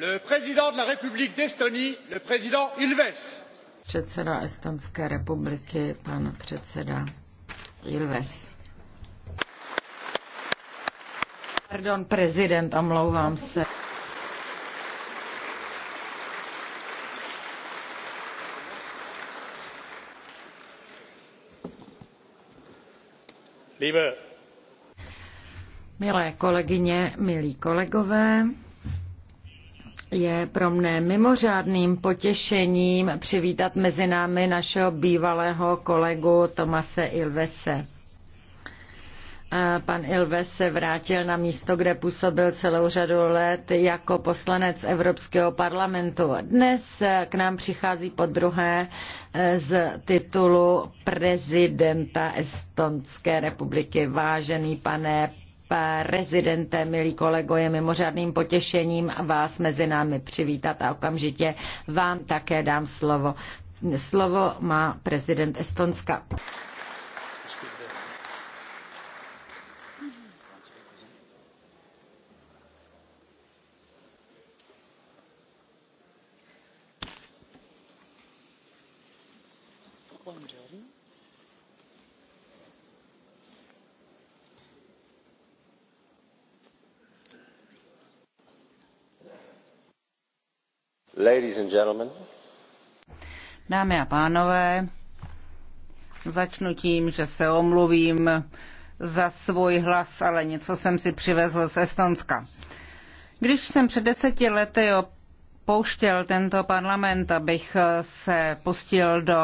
Le président de la République d'Estonie, le président Ilves. Předseda Estonské republiky, pan předseda Ilves. Pardon, prezident, omlouvám se. Milé kolegyně, milí kolegové, je pro mne mimořádným potěšením přivítat mezi námi našeho bývalého kolegu Tomase Ilvese. Pan Ilves se vrátil na místo, kde působil celou řadu let jako poslanec Evropského parlamentu. Dnes k nám přichází po druhé e, z titulu prezidenta Estonské republiky. Vážený pane prezidente, milí kolego, je mimořádným potěšením vás mezi námi přivítat a okamžitě vám také dám slovo. Slovo má prezident Estonska. Buongiorno. Dámy a pánové, začnu tím, že se omluvím za svůj hlas, ale něco jsem si přivezl z Estonska. Když jsem před deseti lety opouštěl tento parlament, abych se pustil do